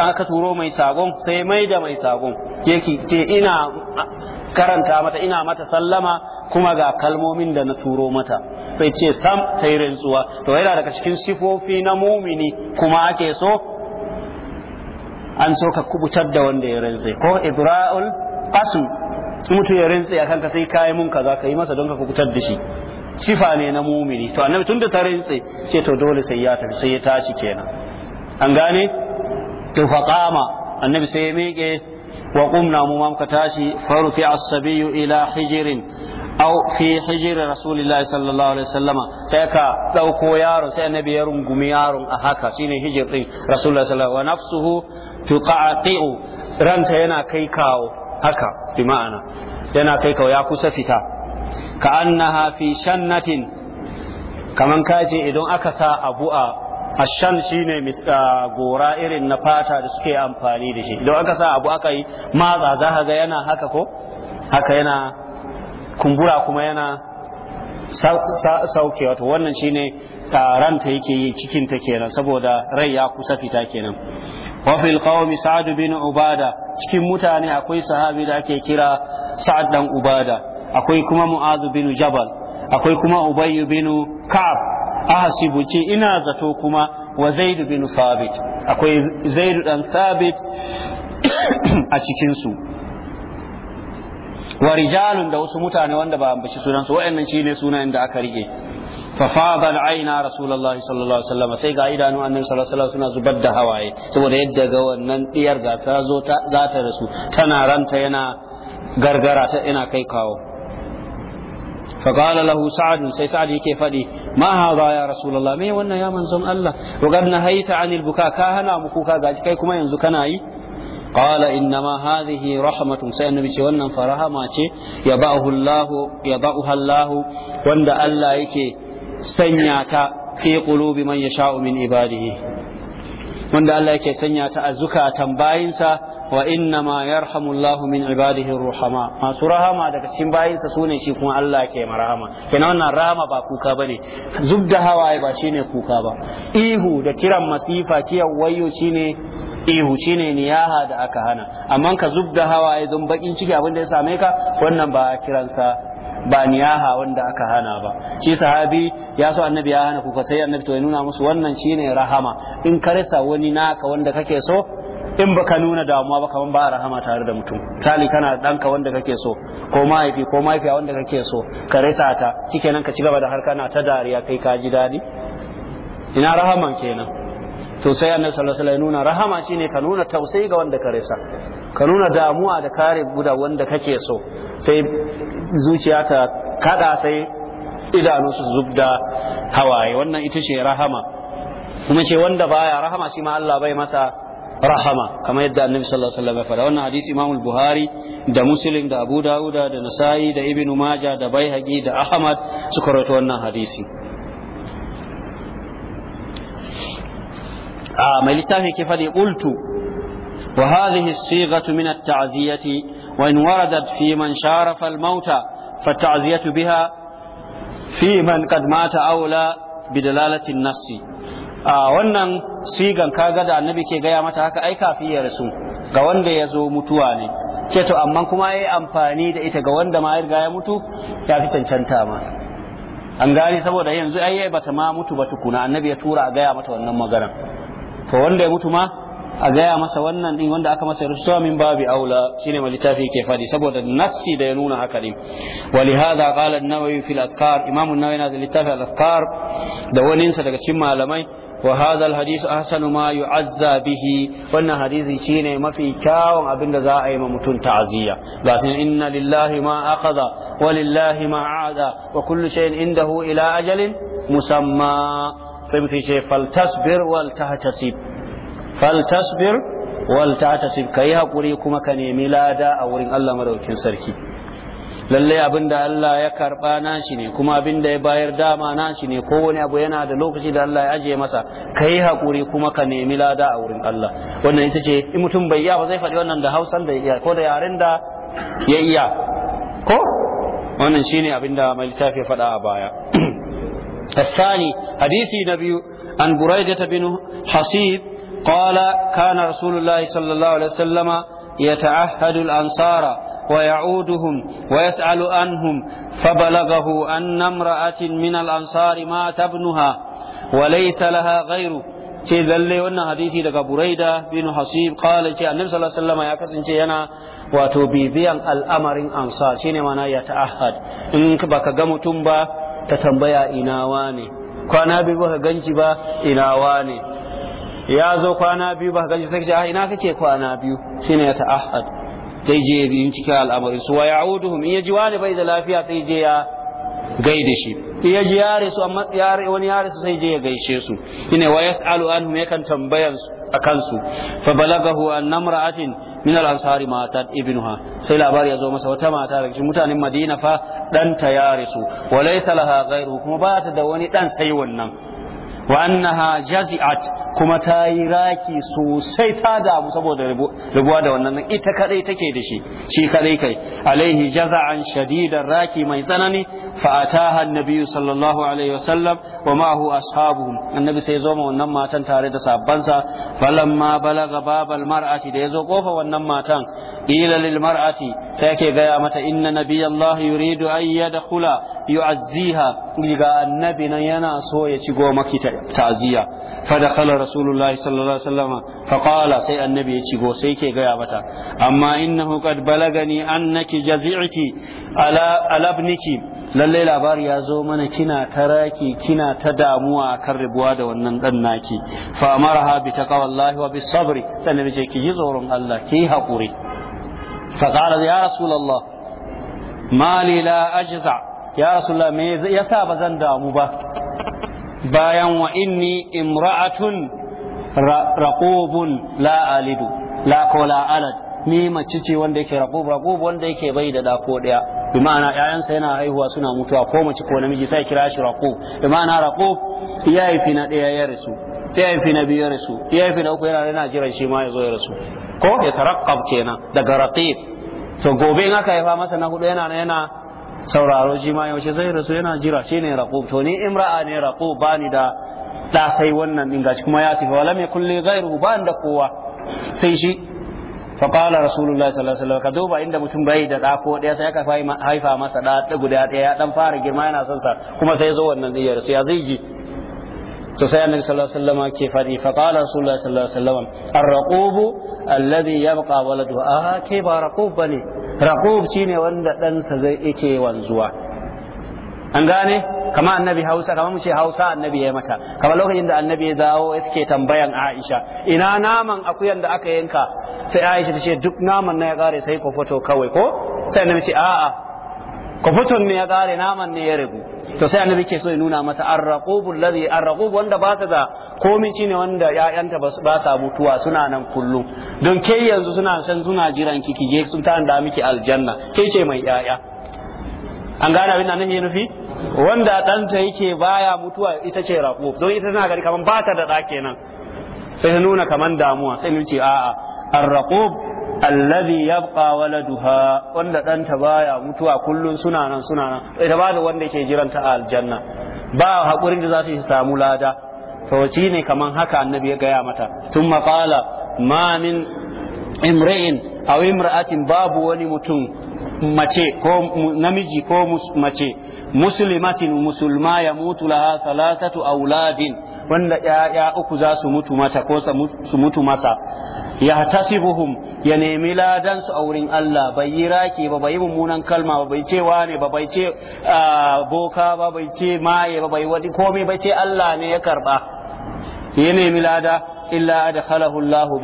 aka turo mai sagon sai mai da mai sagon yake ce ina karanta mata ina mata sallama kuma ga kalmomin da na turo mata sai ce sam ta yi rantsuwa to yana daga cikin sifofi na mumini kuma ake so an so ka kubutar da wanda ya rantsa ko idra'ul qasm mutu ya rantsa akan ka sai kai mun kaza ka yi masa don ka kubutar da shi sifa ne na mumini to annabi tunda ta rantsa ce to dole sai ya tafi sai ya tashi kenan an gane to faqama annabi sai ya miƙe وقمنا ممام كتاشي فرفع الصبي إلى حجر أو في حجر رسول الله صلى الله عليه وسلم سيكا لو كويار سينبي يرم قميار أهكا سيني حجر رسول الله صلى الله عليه وسلم ونفسه تقعقع رنت ينا كيكاو هكا بمعنى ينا كيكاو ياكو سفتا كأنها في شنة كمن كاجي إذن أكسا أبوء ashan shine gora irin na fata da suke amfani da shi idan aka sa abu aka yi matsa za ka ga yana haka ko haka yana kumbura kuma yana sauke wato wannan shine ranta yake yi cikin ta kenan saboda rai ya kusa fita kenan wafil fil qawmi bin ubada cikin mutane akwai sahabi da ake kira sa'ad dan ubada akwai kuma mu'azu bin jabal akwai kuma ubay bin ka'ab ahasibu ce ina zato kuma wa zaidu bin sabit akwai zaidu dan sabit a cikinsu wa rijalun da wasu mutane wanda ba ambaci sunansu waɗannan shine sunayen da aka rike fa العين رسول الله صلى الله عليه sai ga idanu annabi sallallahu alaihi wasallam suna zubar da hawaye saboda yadda ga wannan diyar ga ta zo ta za rasu tana ranta yana gargara ta ina kai kawo fa qala lahu sa'd sai sa'd yake faɗi ma hadha ya rasulullah me wannan ya manzon Allah wa na haita anil buka ka hana mu kuka gaji kai kuma yanzu kana yi قال إنما هذه رحمة سيدنا بيشي ونن فرحمة يضعه الله يضعها الله وند الله يكي سنياتا في قلوب من يشاء من عباده وند الله يكي سنياتا الزكاة باينسا wa inna ma yarhamullahu min ibadihi rahama masu rahama daga cikin bayinsa sune shi kuma Allah ke marhama kenan wannan rahama ba kuka bane zub hawaye ba shine kuka ba ihu da kiran masifa kiyan wayo shine ihu shine niyaha da aka hana amma ka zub da hawaye don bakin ciki abin da ya same ka wannan ba kiransa ba niyaha wanda aka hana ba shi sahabi ya so annabi ya hana kuka sai annabi to ya nuna musu wannan shine rahama in ka rasa wani naka wanda kake so in baka nuna damuwa ba kaman ba rahama tare da mutum sali kana danka wanda kake so ko mahaifi ko mahaifi a wanda kake so ka resa ta nan ka ci gaba da har kana ta dariya kai ka ji dadi ina rahaman kenan to sai annabi sallallahu alaihi nuna rahama shine ka nuna tausayi ga wanda ka resa ka nuna damuwa da kare guda wanda kake so sai zuciya ta kada sai idanu su zubda hawaye wannan ita ce rahama kuma ce wanda baya rahama shi ma Allah bai masa rahama kamar yadda annabi sallallahu alaihi wasallam ya faɗa wannan hadisi Imam Buhari da Muslim da Abu Dawud da Nasa'i da ibinu Majah da Baihaqi da Ahmad suka rawaito wannan hadisi a mai littafin ke faɗi qultu wa hadhihi as-sighatu min at-ta'ziyati wa in waradat fi man sharafa al-mauta fa biha fi man qad mata aula nassi a wannan sigan kaga da annabi ke gaya mata haka ai kafiyar su ga wanda ya zo mutuwa ne ce to amma kuma yi amfani da ita ga wanda ma ya riga ya mutu ya fi cancanta ma an gani saboda yanzu ai bata ma mutu ba tukuna annabi ya tura a gaya mata wannan magana to wanda ya mutu ma a gaya masa wannan din wanda aka masa rusuwa min babi aula shine mai littafi ke fadi saboda nassi da ya nuna haka ne walihada qala an-nawawi fil azkar imam an-nawawi na da littafi al-azkar da sa daga cikin malamai wa hadisi alhadith ahsanu ma yu'azza bihi wannan hadisi shine mafi kyawun abin da za a yi ma mutum ta'aziyya ga sun inna lillahi ma akhadha wa lillahi ma aada wa kullu shay'in indahu ila ajalin musamma sai mutum ce faltasbir wal tahtasib faltasbir wal tahtasib kai hakuri kuma ka nemi lada a wurin Allah madaukin sarki lalle abin da Allah ya karba nashi ne kuma abin da ya bayar dama nashi ne ko wani abu yana da lokaci da Allah ya ajiye masa kai hakuri kuma ka nemi lada a wurin Allah wannan ita ce in mutum bai iya ba zai faɗi wannan da Hausan da iya ko da yaren da ya iya ko wannan shine abin da mai littafi faɗa a baya الثاني حديث نبي عن بريدة بن حصيب قال كان رسول الله صلى الله عليه وسلم يتعهد الأنصار ويعودهم ويسأل عنهم فبلغه أن امرأة من الأنصار مات ابنها وليس لها غيره ce lalle wannan hadisi daga Buraida bin Hasib qala ce Annabi sallallahu alaihi wasallam ya kasance yana wato bibiyan al'amarin ansa shine mana ya ta'ahad in baka ga mutum ba ta tambaya ina wane kwana biyu baka ganci ba ina wane ya zo kwana biyu baka ganci sai ce ina kake kwana biyu shine ya ta'ahad zai je bincika al'amari su wa ya'uduhum in ji wani bai da lafiya sai je ya gaida shi in ji yare su amma wani yare su sai je ya gaishe su ina wa yas'alu anhum yakan tambayar su a kansu. fa balagahu anna imra'atin min al-ansari matat ibnuha sai labari ya zo masa wata mata daga cikin mutanen Madina fa danta ya rasu wa laysa laha ghairu kuma ba ta da wani dan sai wannan wa annaha jazi'at kuma ta yi raki sosai ta damu saboda rabuwa da wannan ita kadai take da shi shi kadai kai alaihi jaza'an shadidan raki mai tsanani fa ataha annabiyyu sallallahu alaihi wasallam wa ma'ahu ashabu annabi sai zo ma wannan matan tare da sabbansa falamma balaga babal mar'ati da yazo kofa wannan matan ila lil mar'ati sai yake gaya mata inna nabiyallahi yuridu an yadkhula yu'azziha ga annabi nan yana so ya shigo maki ta'ziya fa dakhala rasulullahi sallallahu alaihi wasallam fa qala sai annabi ya ce go sai ke gaya mata amma innahu qad balagani annaki jazi'ti alabniki lallai labari ya zo mana kina ta raki kina ta damuwa kan ribuwa da wannan dan naki fa amaraha bi taqwallahi wa bis sabri sai ce ki yi tsoron Allah ki hakuri fa qala ya rasulullah ma la ajza ya rasulullah me yasa bazan damu ba bayan wa inni imra'atun raqubun la alidu la ko la alad ni mace ce wanda yake raqub raqub wanda yake bai da dako daya bi ma'ana yana haihuwa suna mutuwa ko mace ko namiji sai kira shi raqub bi ma'ana raqub iyaye fi na daya ya rasu iyaye fi na biyu ya rasu iyaye fi na uku yana yana jiran shi ma ya zo ya rasu ko ya tarakkab kenan daga raqib to gobe in aka haifa masa na hudu yana yana sauraro shi ma yaushe zai rasu yana jira shi ne raƙo to ni imra'a ne raqub bani da ɗa sai wannan din gashi kuma ya tafi walam ya kulle ghayruhu ba da kowa sai shi fa qala rasulullahi sallallahu alaihi wasallam ka duba inda mutum bai da da ko ɗaya sai aka haifa masa da guda daya ya dan fara girma yana son sa kuma sai zo wannan ya rasu ya zai ji to sai annabi sallallahu alaihi wasallam ke fadi fa qala rasulullah sallallahu alaihi wasallam ar-raqub alladhi yabqa waladu a ke ba raqub bane raqub shine wanda dan sa zai yake wanzuwa an gane kama annabi Hausa kama mu ce Hausa annabi ya mata kama lokacin da annabi ya zawo yake tambayan Aisha ina naman akuyan da aka yanka sai Aisha ta ce duk naman na ya kare sai ko foto kawai ko sai annabi ce a'a kwafuton ne ya kare naman ne ya ragu to sai annabi ke so ya nuna mata arraqubul ladhi arraqub wanda ba ta da komai shine wanda ƴaƴanta ba sa mutuwa suna nan kullum don ke yanzu suna san suna jiran ki je sun ta anda miki aljanna ke ce mai ƴaƴa an gane abin nan ya nufi wanda ɗanta yake baya mutuwa ita ce raqub don ita tana gari kaman ba ta da ɗa kenan sai ta nuna kaman damuwa sai ta ce a'a arraqub alladhi yabqa waladuha wanda ɗanta baya mutuwa kullun suna nan suna nan sai ta da wanda yake jiran ta aljanna ba hakurin da za su samu lada to shi ne kamar haka annabi ya gaya mata sun qala ma min imri'in aw imra'atin babu wani mutum mace ko namiji ko mace muslimatin musulma ya mutu laha salasatu auladin wanda ya uku za su mutu mata ko su mutu masa ya tasibuhum ya nemi ladan su a wurin Allah bai yi raki ba bai yi mummunan kalma ba bai ce wane ba bai ce boka ba bai ce maye ba bai wani komai bai ce Allah ne ya karba ya nemi lada illa adkhalahu Allahu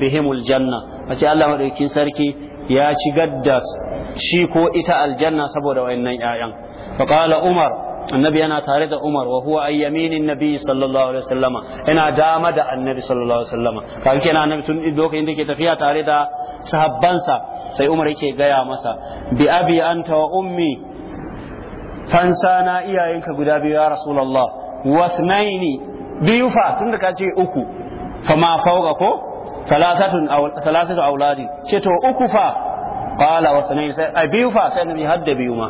bihimul janna mace Allah madaukakin sarki ya ci da shi ko ita aljanna saboda wayannan ƴaƴan fa umar annabi yana tare da umar wa huwa ayyaminin nabi sallallahu alaihi wasallama Ina dama da annabi sallallahu alaihi wasallama kan na annabi tun lokacin da ke tafiya tare da sahabbansa sai umar yake gaya masa bi abi anta wa ummi fansana iyayenka guda biyu ya rasulullah wasnaini biyu fa tun da ka ce uku fa ma fauka ko salasatu auladi Ke to uku fa qala wa sanai sai a biyu fa sai annabi hadda biyu ma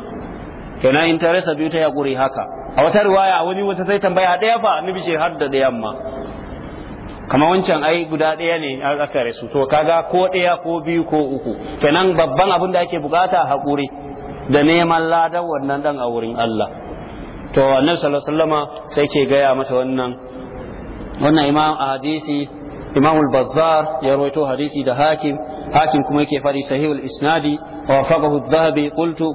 kenan in tare sa biyu ta ya guri haka a wata riwaya wani wata sai tambaya daya fa annabi sai hadda daya ma kamar wancan ai guda daya ne a tsare su to kaga ko daya ko biyu ko uku kenan babban abin da ake bukata hakuri da neman ladan wannan dan a wurin Allah to annabi sallallahu alaihi wasallama sai ke gaya mata wannan wannan imam hadisi imam al-bazzar ya rawaito hadisi da hakim hakim kuma yake faɗi sahihul isnadi wa wafaqahu adh-dhahabi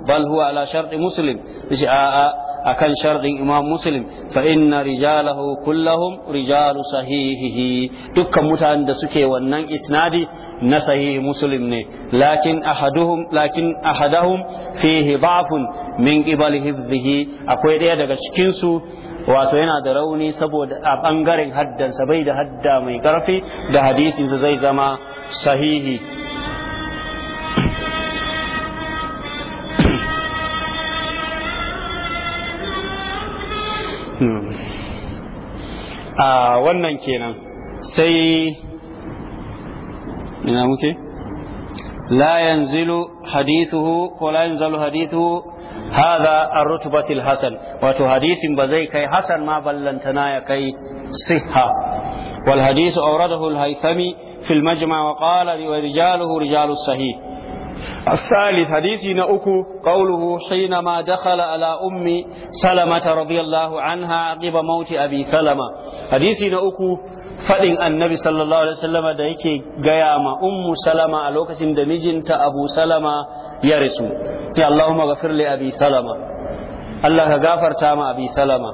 bal huwa ala sharti muslim shi a akan shartin imam muslim fa inna rijalahu kullahum rijalu sahihihi dukkan mutanen da suke wannan isnadi na sahihi muslim ne lakin ahaduhum lakin ahadahum fihi min qibal hifdhihi akwai ɗaya daga cikinsu wato yana da rauni saboda a bangaren haddansa bai da hadda mai karfi da hadisin zai zama sahihi a wannan kenan sai ina muke la yanzilu hadithuhu ko la yanzalu hadithuhu hadha ar-rutbatil hasan wato hadisin ba zai kai hasan ma ballantana ya kai sihha والحديث أورده الهيثمي في المجمع وقال ورجاله رجال الصحيح الثالث حديث نأكو قوله حينما دخل على أم سلمة رضي الله عنها عقب موت أبي سلمة حديث نأكو faɗin annabi sallallahu alaihi da yake gaya ma ummu salama a lokacin da mijinta abu salama ya rasu ya Allahumma ghafir li abi salama Allah ka gafarta ma abi salama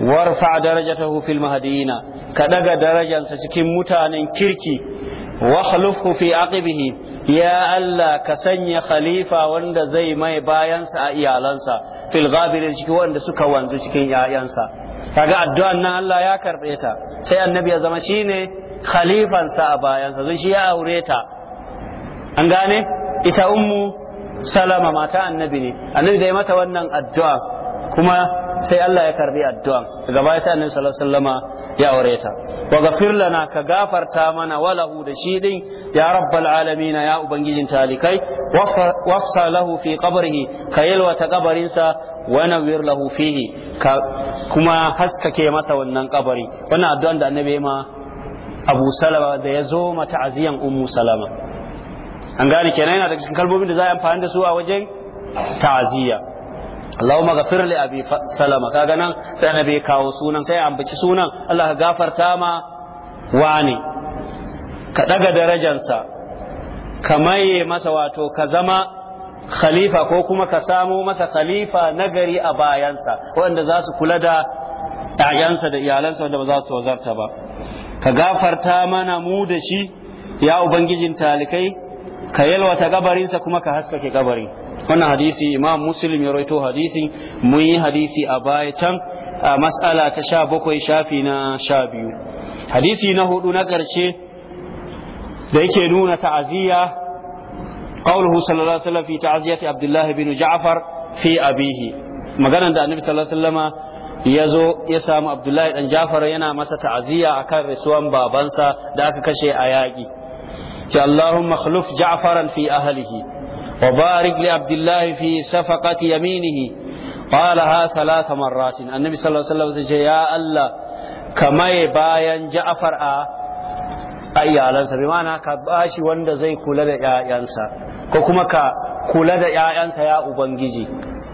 warfa darajatahu fil mahdiyina ka daga darajarsa cikin mutanen kirki wa khalifu fi ya allah ka sanya khalifa wanda zai mai bayansa a iyalansa fil ciki cikin wanda suka wanzu cikin iyayansa kaga addu'an nan allah ya karbe ta sai annabi ya zama shine khalifan a bayansa sa zai ya aure ta an gane ita ummu salama mata annabi ne annabi da ya mata wannan addu'a kuma sai Allah ya karbi addu'an daga baya sai annabi sallallahu alaihi wasallama ya aure ta wa ghafir lana ka gafarta mana walahu da shi din ya rabbal alamin ya ubangijin talikai wafsa lahu fi qabrihi ka yalwata kabarinsa wa nawir lahu fihi ka kuma haskake masa wannan kabari wannan addu'an da annabi ma Abu Salama da ya zo mata aziyan Ummu Salama an gane kenan yana da cikin kalmomin da za a amfani da su a wajen ta'aziyya ma gafir li abi salama kaga nan sai annabi kawo sunan sai ambaci sunan Allah ka gafarta ma wani ka daga darajansa ka maye masa wato ka zama khalifa ko kuma ka samo masa khalifa nagari a bayansa wanda za su kula da sa da iyalansa wanda ba za su tozarta ba ka gafarta mana mu da shi ya ubangijin talikai ka yalwata gabarinsa kuma ka haskake gabarin wannan hadisi imam muslim ya rawaito hadisi mun yi hadisi a baya can a mas'ala ta sha bakwai shafi na sha biyu hadisi na hudu na ƙarshe da yake nuna ta'aziyya qauluhu sallallahu alaihi wasallam fi ta'ziyati abdullah ibn ja'far fi abihi maganar da annabi sallallahu alaihi wasallam ya zo ya samu abdullahi dan jafar yana masa ta'aziyya a kan risuwan babansa da aka kashe a yaƙi ki allahumma khluf ja'faran fi ahlihi وبارك لعبد الله في صفقة يمينه قالها ثلاث مرات النبي صلى الله عليه وسلم يا الله كما يباين جعفر ayyalansa bi mana ka bashi wanda zai kula da ƴaƴansa ko kuma ka kula da 'ya'yansa ya ubangiji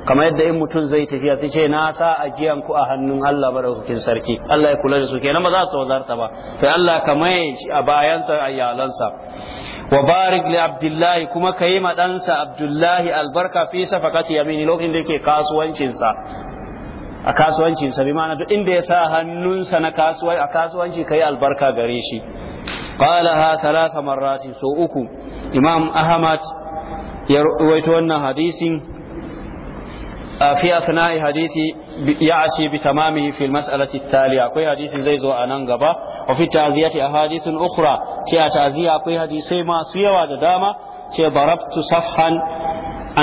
kamar yadda in mutum zai tafiya sai ce na sa ajiyan ku a hannun Allah madaukakin sarki Allah ya kula da su kenan ba za su wazarta ba to Allah ka maye a bayansa ayyalansa wa li abdullahi kuma ka yi maɗansa abdullahi albarka fi safakati yamini lokacin da yake kasuwancinsa a kasuwancinsa bi ma'ana duk inda ya sa hannunsa na kasuwa a kasuwanci ka yi albarka gare shi qala ha thalatha marrati so uku imam ahmad ya rawaito wannan hadisin في أثناء حديث يعشي بتمامه في المسألة التالية أكوي حديث زي زو أنانغبا وفي تعزية أحاديث أخرى في تعزية أكوي حديث ما سيوا دداما في ضربت صفحا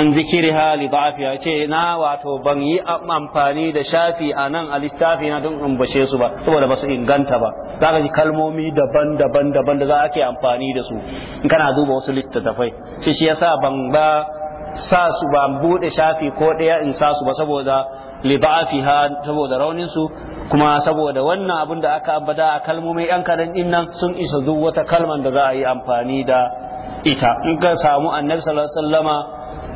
an zikiriha li ya ce na wato ban yi amfani da shafi a nan a littafi na don in bashe su ba saboda basu inganta ba za ka ji kalmomi daban-daban daban da za a amfani da su in kana duba wasu littattafai shi shi yasa ban ba sa su ba bude shafi ko ɗaya in sa su ba saboda ha saboda raunin su kuma saboda wannan abin da aka ambata a kalmomi yan kadan din nan sun isa duk wata kalman da za a yi amfani da ita in ka samu annabi sallallahu alaihi wasallama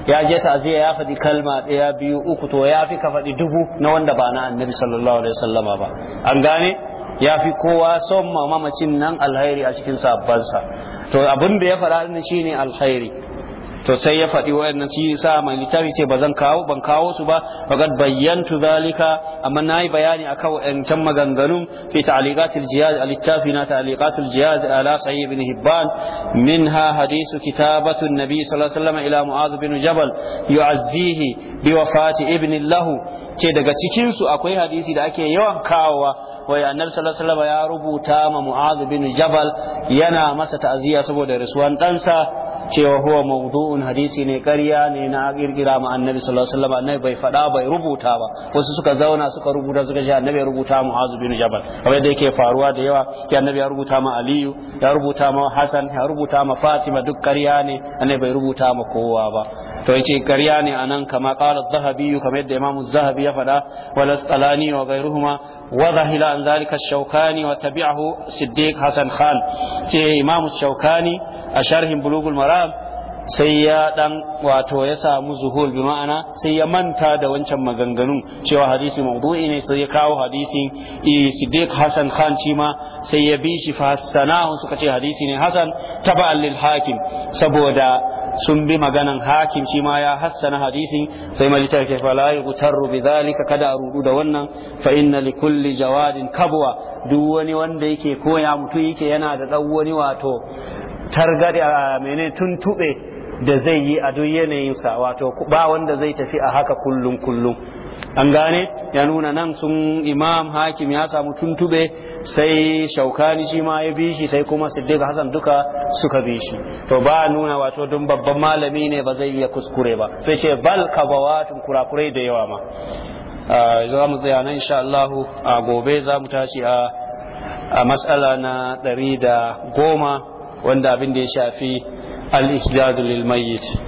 ya je ta'aziyya ya faɗi kalma ɗaya biyu uku to ya fi ka faɗi dubu na wanda ba na annabi sallallahu alaihi wasallama ba an gane ya fi kowa son mamacin nan alhairi a cikin sabbansa to abin da ya faɗa din shine alhairi to sai ya faɗi wayannan shi sa mai littafi ce ba zan kawo ban kawo su ba faqad bayyantu zalika amma nayi bayani akan wayancan maganganun fi ta'liqatil jihad al-littafi na ta'liqatil jihad ala sahih ibn hibban minha hadithu kitabatu nabi sallallahu alaihi wasallam ila mu'az bin jabal yu'azzihi bi wafati ibn lahu ce daga cikin su akwai hadisi da ake yawan kawowa wai annabi sallallahu alaihi wasallam ya rubuta ma mu'az bin jabal yana masa ta'ziya saboda rasuwan ɗansa cewa huwa mawdu'un hadisi ne ƙarya ne na kirkira ma annabi sallallahu alaihi wasallam annabi bai faɗa bai rubuta ba wasu suka zauna suka rubuta suka ce annabi ya rubuta mu'azu bin jabal kamar da yake faruwa da yawa ke annabi ya rubuta ma aliyu ya rubuta ma hasan ya rubuta ma fatima duk ƙarya ne annabi bai rubuta ma kowa ba to yace ƙarya ne anan kama qala dhahabi kamar yadda imamu zahabi ya faɗa wal asqalani wa ghayruhuma wa dhahila an zalika ash-shawkani wa tabi'ahu siddiq hasan khan ce imamu ash-shawkani a sharhin bulughul maram salam sai ya dan wato ya samu zuhul bi ma'ana sai ya manta da wancan maganganun cewa hadisi mawdu'i ne sai ya kawo hadisi Siddiq Hassan Khan shi ma sai ya bi shi fassanahu suka ce hadisi ne Hassan taba'an lil hakim saboda sun bi maganan hakim shi ma ya hassana hadisin sai malita ke fala yutarru bidhalika kada a rudu da wannan fa inna li kulli jawadin kabwa duk wani wanda yake koya mutum yake yana da dan wani wato targade a mene tuntube da zai yi a duk sa wato ba wanda zai tafi a haka kullum kullum an gane ya nuna nan sun imam hakim ya samu tuntuɓe sai shaukani shi ma ya bi shi sai kuma siddiq hasan duka suka bi shi to ba nuna wato don babban malami ne ba zai iya kuskure ba sai ce bal kabawatun kurakurai da yawa ma za mu tsaya nan insha Allah a gobe za mu tashi a matsala na ɗari da goma wanda abin da ya shafi al-ihdadu lil mayyit